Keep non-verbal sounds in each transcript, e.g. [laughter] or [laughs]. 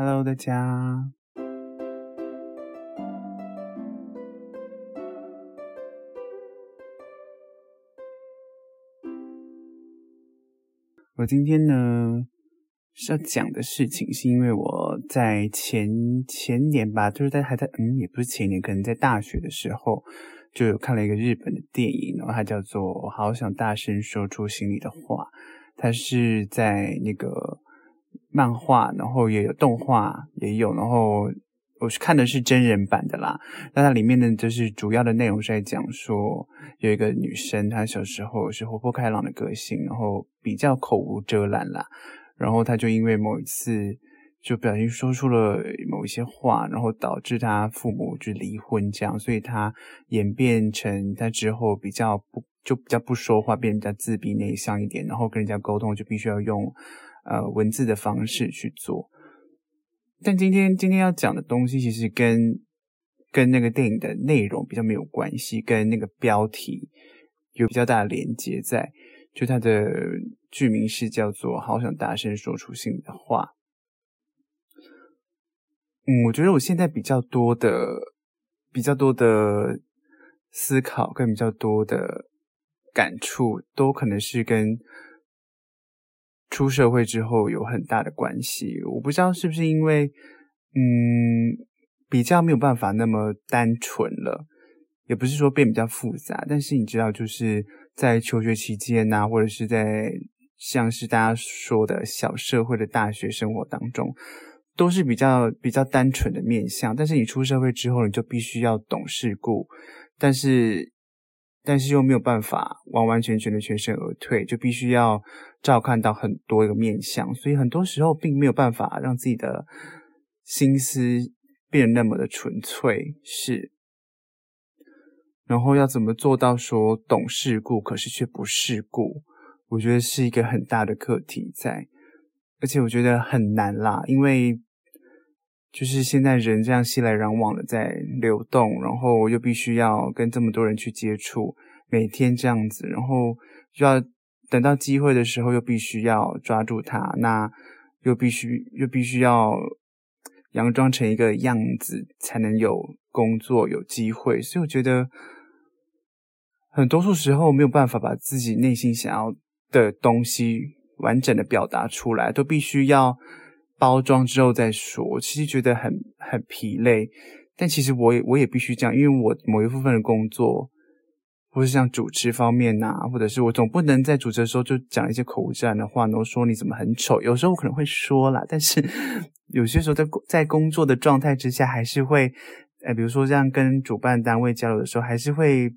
Hello，大家。我今天呢，是要講的事情，是因為我在前前年吧，就是在還在嗯，也不是前年，可能在大學的時候就有看了一個日本的電影，然後它叫做《好想大聲說出心裡的話》，它是在那個。漫畫，然後也有動畫，也有。然後我是看的是真人版的啦。那它裡面呢，就是主要的內容是在講說，有一個女生，她小時候是活潑開朗的個性，然後比較口無遮攔啦。然後她就因為某一次就不小心說出了某一些話，然後導致她父母就離婚這樣，所以她演變成她之後比較不就比較不說話，變得比較自閉內向一點，然後跟人家溝通就必須要用。呃，文字的方式去做。但今天今天要講的東西，其實跟跟那個電影的內容比較沒有關係，跟那個標題有比較大的連接在。就它的劇名是叫做《好想大聲說出心裡的話》。嗯，我覺得我現在比較多的、比較多的思考跟比較多的感觸，都可能是跟。出社會之後有很大的關係，我不知道是不是因為，嗯，比較沒有辦法那麼單純了，也不是說變比較複雜，但是你知道就是在求學期間啊，或者是在像是大家說的小社會的大學生活當中，都是比較比較單純的面向，但是你出社會之後，你就必須要懂世故，但是。但是又沒有辦法完完全全的全身而退，就必須要照看到很多一個面相，所以很多時候並沒有辦法讓自己的心思變得那麼的純粹。是，然後要怎麼做到說懂世故，可是卻不世故？我覺得是一個很大的課題在，而且我覺得很難啦，因為就是現在人這樣熙來攘往的在流動，然後又必須要跟這麼多人去接觸。每天這樣子，然後就要等到機會的時候，又必須要抓住它。那又必須又必須要佯裝成一個樣子，才能有工作、有機會。所以我覺得，很多數時候沒有辦法把自己內心想要的東西完整的表達出來，都必須要包裝之後再說。我其實覺得很很疲累，但其實我也我也必須這樣，因為我某一部分的工作，不是像主持方面啊，或者是我總不能在主持的時候就講一些口無遮攔的話，然後說你怎麼很醜？有時候我可能會說啦，但是有些時候在在工作的狀態之下，還是會，誒比如說這樣跟主辦單位交流的時候，還是會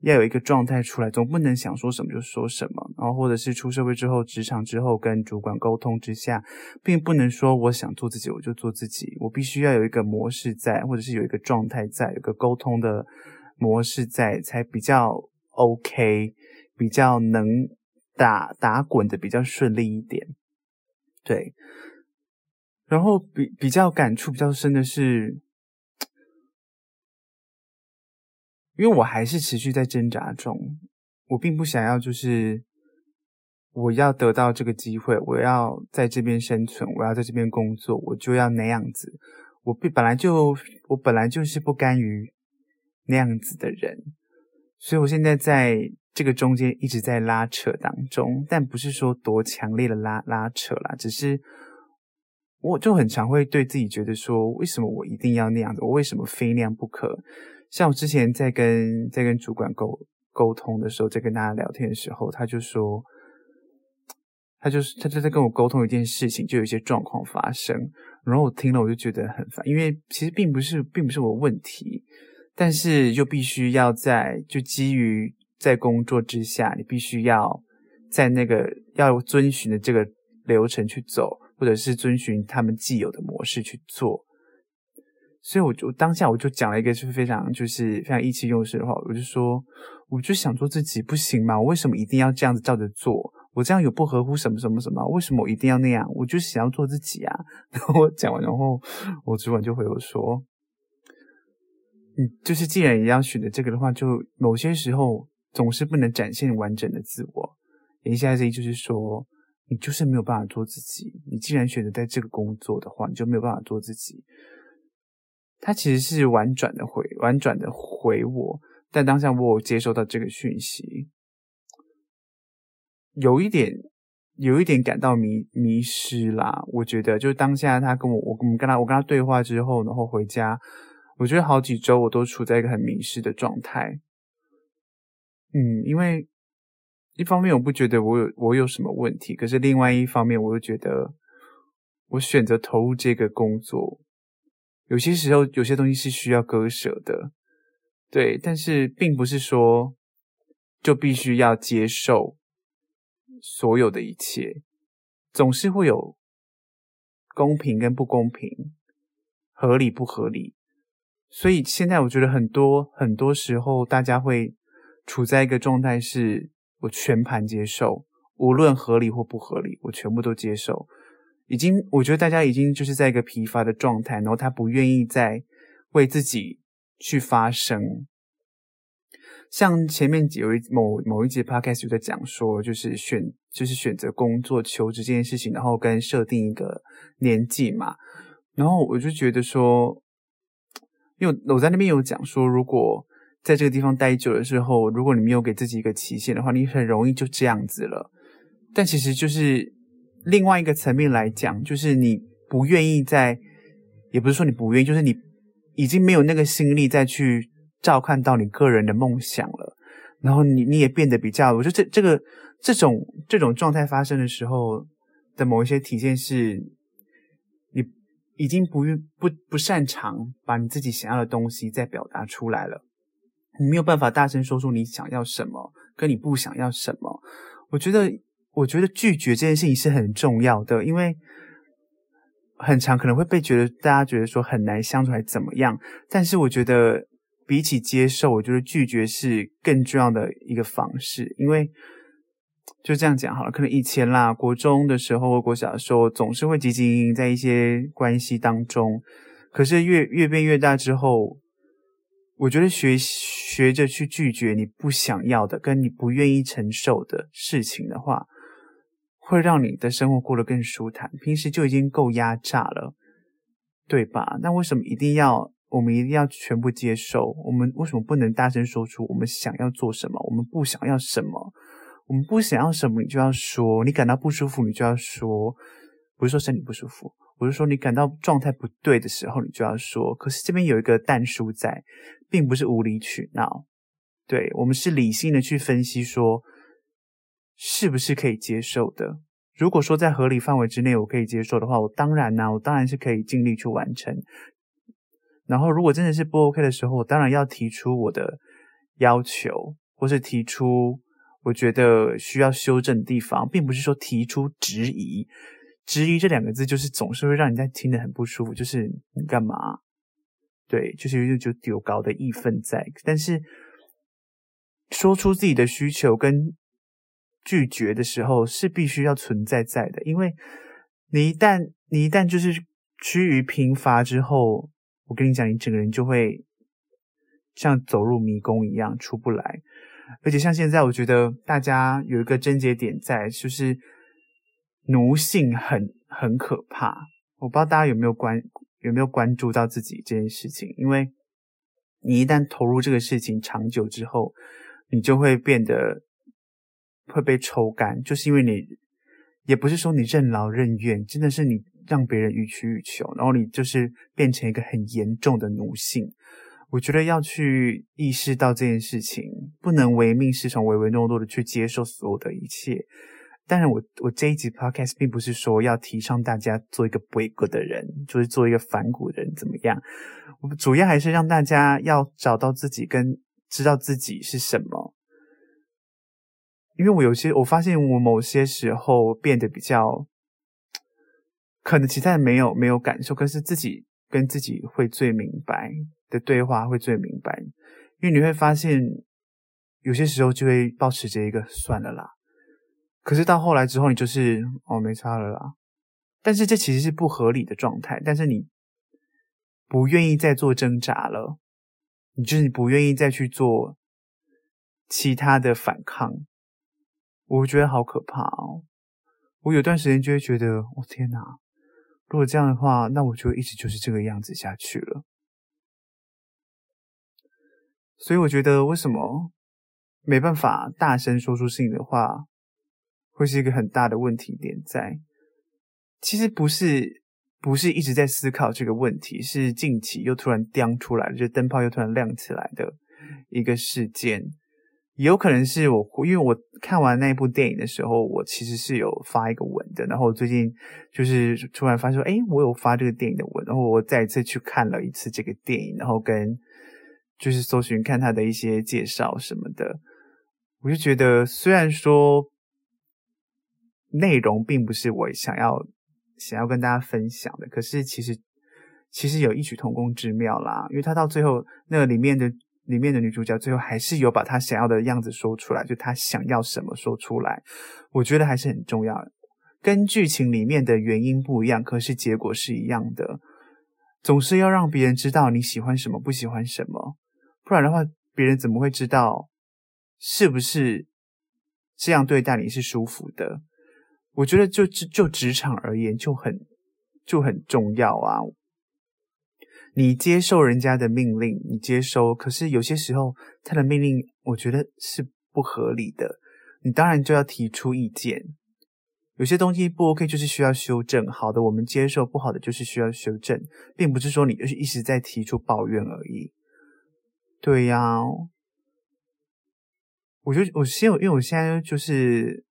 要有一個狀態出來，總不能想說什麼就說什麼。然後或者是出社會之後，職場之後跟主管溝通之下，並不能說我想做自己我就做自己，我必須要有一個模式在，或者是有一個狀態在，有個溝通的。模式在才比較 OK，比較能打打滾的比較順利一點，對。然後比比較感觸比較深的是，因為我還是持續在掙扎中，我並不想要就是我要得到這個機會，我要在這邊生存，我要在這邊工作，我就要那樣子。我必本來就我本來就是不甘於。那樣子的人，所以我現在在這個中間一直在拉扯當中，但不是說多強烈的拉拉扯啦，只是我就很常會對自己覺得說，為什麼我一定要那樣子？我為什麼非那樣不可？像我之前在跟在跟主管溝溝通的時候，在跟大家聊天的時候，他就說，他就是他就在跟我溝通一件事情，就有一些狀況發生，然後我聽了我就覺得很煩，因為其實並不是並不是我問題。但是又必須要在，就基於在工作之下，你必須要在那個要遵循的這個流程去走，或者是遵循他們既有的模式去做。所以我就當下我就講了一個是非常就是非常意氣用事的話，我就說我就想做自己不行嗎？我為什麼一定要這樣子照着做？我這樣有不合乎什麼什麼什麼？為什麼我一定要那樣？我就是想要做自己啊！然後我講完，然後我主管就回我說。你就是，既然也要選擇這個的話，就某些時候總是不能展現完整的自我。一下這就是說，你就是沒有辦法做自己。你既然選擇在這個工作的話，你就沒有辦法做自己。他其實是婉轉的回，婉轉的回我。但當下我有接收到這個訊息，有一點，有一點感到迷迷失啦。我覺得，就是當下他跟我，我跟他，我跟他對話之後，然後回家。我覺得好幾周，我都處在一個很迷失的狀態。嗯，因為一方面我不覺得我有我有什麼問題，可是另外一方面我又覺得我選擇投入這個工作，有些時候有些東西是需要割舍的。對，但是並不是說就必須要接受所有的一切，總是會有公平跟不公平，合理不合理。所以現在我覺得很多很多時候，大家會處在一個狀態，是我全盤接受，無論合理或不合理，我全部都接受。已經，我覺得大家已經就是在一個疲乏的狀態，然後他不願意再為自己去發聲。像前面有一，某某一集 podcast 就在講說，就是選，就是選擇工作，求職這件事情，然後跟設定一個年紀嘛，然後我就覺得說。因為我在那邊有講說，如果在這個地方待久了之後，如果你沒有給自己一個期限的話，你很容易就這樣子了。但其實就是另外一個層面來講，就是你不願意在，也不是說你不願意，就是你已經沒有那個心力再去照看到你個人的夢想了。然後你你也變得比較，我覺得這這個這種這種狀態發生的時候的某一些體現是。已經不不不擅長把你自己想要的東西再表達出來了，你沒有辦法大聲說出你想要什麼，跟你不想要什麼。我覺得，我覺得拒絕這件事情是很重要的，因為很常可能會被覺得大家覺得說很難相處還怎麼樣。但是我覺得，比起接受，我覺得拒絕是更重要的一個方式，因為。就這樣講好了。可能以前啦，國中的時候或國小的時候，總是會汲汲營營在一些關係當中。可是越越變越大之後，我覺得學學着去拒絕你不想要的、跟你不願意承受的事情的話，會讓你的生活過得更舒坦。平時就已經夠壓榨了，對吧？那為什麼一定要我們一定要全部接受？我們為什麼不能大聲說出我們想要做什麼？我們不想要什麼？我們不想要什麼，你就要說；你感到不舒服，你就要說。不是說身體不舒服，我是說你感到狀態不對的時候，你就要說。可是這邊有一個但書在，並不是無理取鬧。對，我們是理性的去分析說，說是不是可以接受的。如果說在合理範圍之內，我可以接受的話，我當然呢、啊，我當然是可以盡力去完成。然後如果真的是不 OK 的時候，我當然要提出我的要求，或是提出。我覺得需要修正的地方，並不是說提出質疑。質疑這兩個字就是總是會讓人在聽的很不舒服，就是你幹嘛？對，就是有有有高的義憤在。但是說出自己的需求跟拒絕的時候是必須要存在在的，因為你一旦你一旦就是趨於貧乏之後，我跟你講，你整個人就會像走入迷宮一樣出不來。而且像現在，我覺得大家有一個症結點在，就是奴性很很可怕。我不知道大家有沒有關有沒有關注到自己這件事情，因為你一旦投入這個事情長久之後，你就會變得會被抽乾，就是因為你也不是說你任勞任怨，真的是你讓別人予取予求，然後你就是變成一個很嚴重的奴性。我覺得要去意識到這件事情，不能唯命是從，唯唯諾諾的去接受所有的一切。當然，我我這一集 podcast 並不是說要提倡大家做一個背骨的人，就是做一個反骨的人怎麼樣？我主要還是讓大家要找到自己，跟知道自己是什麼。因為我有些，我發現我某些時候變得比較，可能其他人沒有沒有感受，可是自己，跟自己會最明白的對話會最明白，因為你會發現有些時候就會抱持着、這、一個算了啦，可是到後來之後你就是哦沒差了啦，但是這其實是不合理的狀態，但是你不願意再做掙扎了，你就是不願意再去做其他的反抗，我覺得好可怕哦，我有段時間就會覺得我、哦、天哪。如果這樣的話，那我就一直就是這個樣子下去了。所以我覺得，為什麼沒辦法大聲說出心裡的話，會是一個很大的問題點在。其實不是，不是一直在思考這個問題，是近期又突然亮出來，就是燈泡又突然亮起來的一個事件。有可能是我，因為我看完那部電影的時候，我其實是有發一個文的。然後最近就是突然發現說，哎、欸，我有發這個電影的文。然後我再一次去看了一次這個電影，然後跟就是搜尋看他的一些介紹什麼的，我就覺得雖然說內容並不是我想要想要跟大家分享的，可是其實其實有異曲同工之妙啦，因為它到最後那裡面的。裡面的女主角最後還是有把她想要的樣子說出來，就她想要什麼說出來，我覺得還是很重要。跟劇情裡面的原因不一樣，可是結果是一樣的。總是要讓別人知道你喜歡什麼，不喜歡什麼，不然的話，別人怎麼會知道是不是這樣對待你是舒服的？我覺得就就就職場而言，就很就很重要啊。你接受人家的命令，你接受，可是有些時候他的命令，我覺得是不合理的，你當然就要提出意見。有些東西不 OK，就是需要修正。好的，我們接受；不好的，就是需要修正，並不是說你就是一直在提出抱怨而已。對呀、啊，我就我先有，因為我現在就是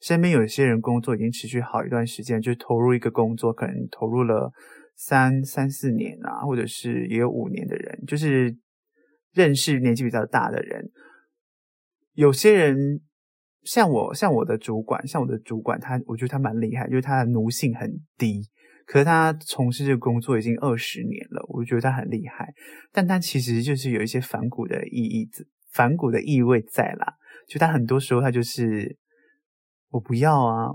身邊有些人工作已經持續好一段時間，就是、投入一個工作，可能投入了。三三四年啊，或者是也有五年的人，就是認識年紀比較大的人。有些人像我，像我的主管，像我的主管他，他我覺得他蠻厲害，就是他的奴性很低。可是他從事這個工作已經二十年了，我覺得他很厲害。但他其實就是有一些反骨的意義，反骨的意味在啦。就他很多時候，他就是我不要啊。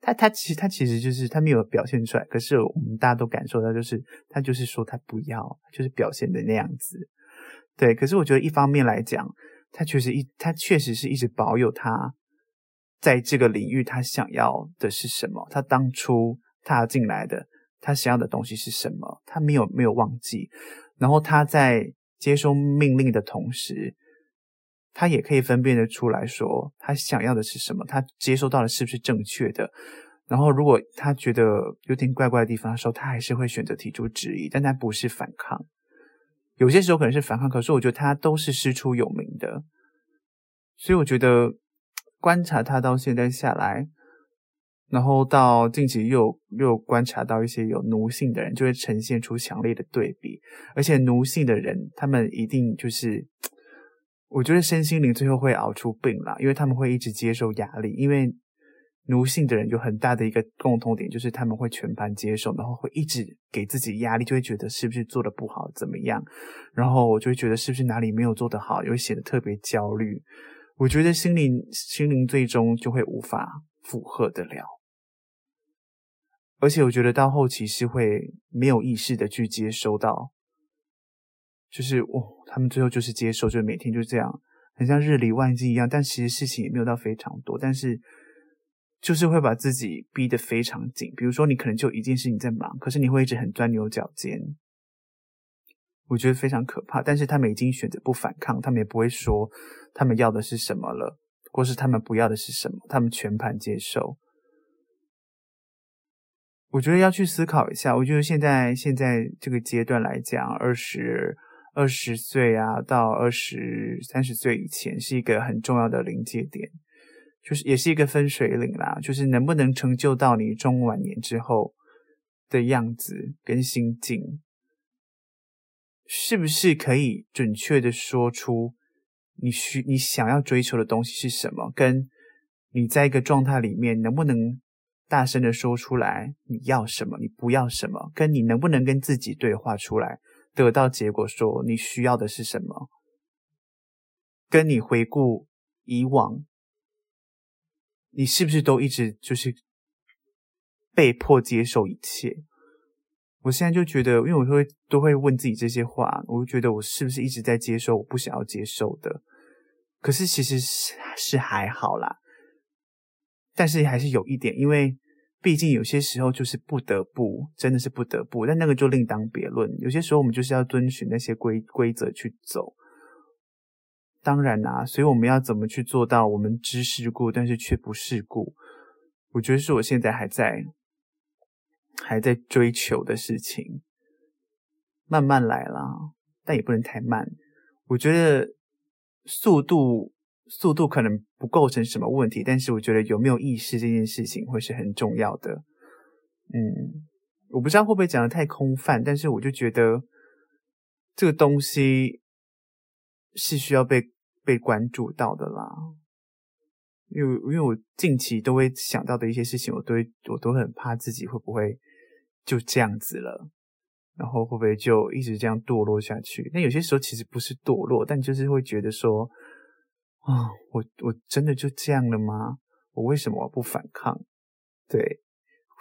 他他其實他其實就是他沒有表現出來，可是我們大家都感受到，就是他就是說他不要，就是表現的那樣子，對。可是我覺得一方面來講，他確實一他確實是一直保有他在這個領域他想要的是什麼，他當初踏進來的他想要的東西是什麼，他沒有沒有忘記。然後他在接收命令的同時。他也可以分辨得出來，說他想要的是什麼，他接收到的是不是正確的。然後，如果他覺得有點怪怪的地方的時候，他還是會選擇提出質疑，但他不是反抗。有些時候可能是反抗，可是我覺得他都是師出有名的，所以我覺得觀察他到現在下來，然後到近期又又觀察到一些有奴性的人，就會呈現出強烈的對比。而且奴性的人，他們一定就是。我覺得身心靈最後會熬出病啦，因為他們會一直接受壓力。因為奴性的人有很大的一個共同點，就是他們會全盤接受，然後會一直給自己壓力，就會覺得是不是做的不好，怎麼樣？然後我就會覺得是不是哪裡沒有做得好，又會顯得特別焦慮。我覺得心靈心靈最終就會無法負荷得了，而且我覺得到後期是會沒有意識的去接收到，就是我。哦。他們最後就是接受，就每天就這樣，很像日理萬機一樣。但其實事情也沒有到非常多，但是就是會把自己逼得非常緊。比如說，你可能就一件事情在忙，可是你會一直很鑽牛角尖，我覺得非常可怕。但是他們已經選擇不反抗，他們也不會說他們要的是什麼了，或是他們不要的是什麼，他們全盤接受。我覺得要去思考一下。我覺得現在現在這個階段來講，二十。二十歲啊，到二十三十歲以前是一個很重要的臨界點，就是也是一個分水嶺啦。就是能不能成就到你中晚年之後的樣子跟心境，是不是可以準確的說出你需你想要追求的東西是什麼？跟你在一個狀態裡面能不能大聲的說出來你要什麼，你不要什麼？跟你能不能跟自己對話出來？得到結果，說你需要的是什麼？跟你回顧以往，你是不是都一直就是被迫接受一切？我現在就覺得，因為我都會都會問自己這些話，我就覺得我是不是一直在接受我不想要接受的？可是其實是是還好啦，但是還是有一點，因為。畢竟有些時候就是不得不，真的是不得不，但那個就另當別論。有些時候我們就是要遵循那些規規則去走。當然啊，所以我們要怎麼去做到我們知世故，但是卻不世故？我覺得是我現在還在還在追求的事情。慢慢來啦，但也不能太慢。我覺得速度。速度可能不構成什麼問題，但是我覺得有沒有意識這件事情會是很重要的。嗯，我不知道會不會講得太空泛，但是我就覺得這個東西是需要被被關注到的啦。因為因為我近期都會想到的一些事情，我都會，我都很怕自己會不會就這樣子了，然後會不會就一直這樣墮落下去。那有些時候其實不是墮落，但就是會覺得說。啊、哦，我我真的就這樣了嗎？我為什麼不反抗？對，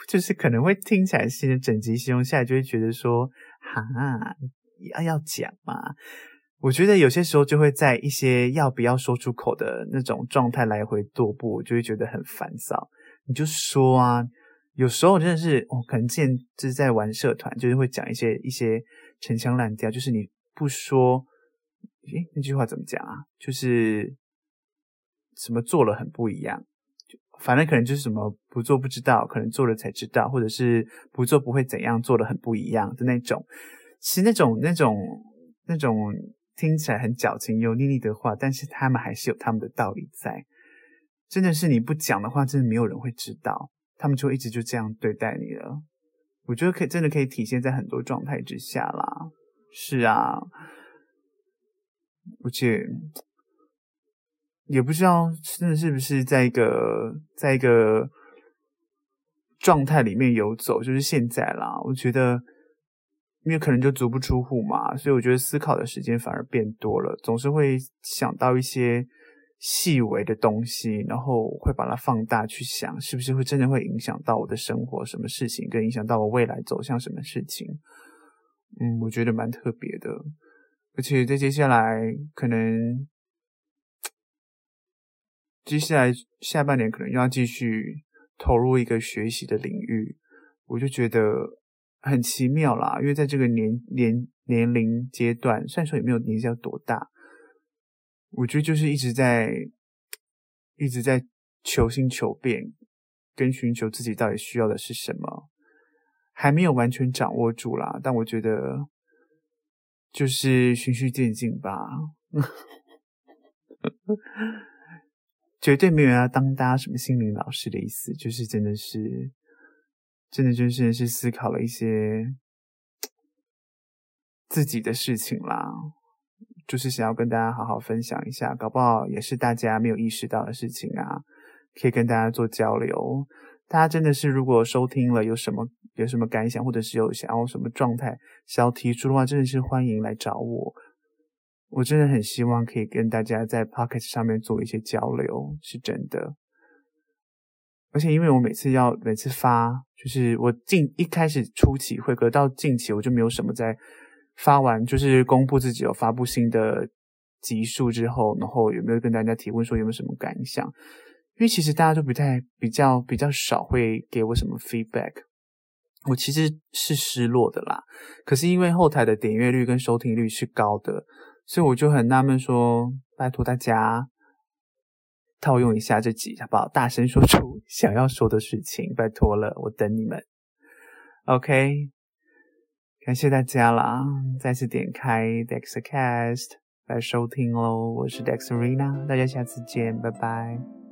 就是可能會聽起來是整集形容下來就會覺得說，哈，要要講嘛。我覺得有些時候就會在一些要不要說出口的那種狀態來回踱步，我就會覺得很煩躁。你就說啊，有時候我真的是，哦，可能之前就是在玩社團，就是會講一些一些陳腔濫調，就是你不說，誒，那句話怎麼講啊？就是。什麼做了很不一樣，反正可能就是什麼不做不知道，可能做了才知道，或者是不做不會怎樣，做了很不一樣的那種。其實那種那種那種聽起來很矯情油膩膩的話，但是他們還是有他們的道理在。真的是你不講的話，真的沒有人會知道，他們就一直就這樣對待你了。我覺得可以真的可以體現在很多狀態之下啦。是啊，而且。也不知道真的是不是在一個在一個狀態裡面游走，就是現在啦。我覺得因為可能就足不出戶嘛，所以我覺得思考的時間反而變多了，總是會想到一些細微的東西，然後會把它放大去想，是不是會真的會影響到我的生活，什麼事情，跟影響到我未來走向什麼事情。嗯，我覺得蠻特別的，而且在接下來可能。接下來下半年可能又要繼續投入一個學習的領域，我就覺得很奇妙啦。因為在這個年年年齡階段，雖然說也沒有年紀要多大，我覺得就是一直在一直在求新求變，跟尋求自己到底需要的是什麼，還沒有完全掌握住啦。但我覺得就是循序漸進吧。 [laughs] 絕對沒有人要當大家什麼心靈老師的意思，就是真的是，真的就是是思考了一些自己的事情啦，就是想要跟大家好好分享一下，搞不好也是大家沒有意識到的事情啊，可以跟大家做交流。大家真的是如果收聽了有什麼有什麼感想，或者是有想要什麼狀態，想要提出的話，真的是歡迎來找我。我真的很希望可以跟大家在 Podcast 上面做一些交流，是真的。而且，因為我每次要每次發，就是我近一開始初期會，可到近期我就沒有什麼在發完，就是公布自己有發佈新的集數之後，然後有沒有跟大家提問說有沒有什麼感想？因為其實大家都不太比較比較少會給我什麼 feedback，我其實是失落的啦。可是因為後台的點閱率跟收聽率是高的。所以我就很納悶，說拜托大家套用一下這幾條，好不好？大聲說出想要說的事情，拜托了，我等你們。OK，感謝大家啦！再次點開 Daxercast 來收聽哦，我是 Daxer Rina，大家下次見，拜拜。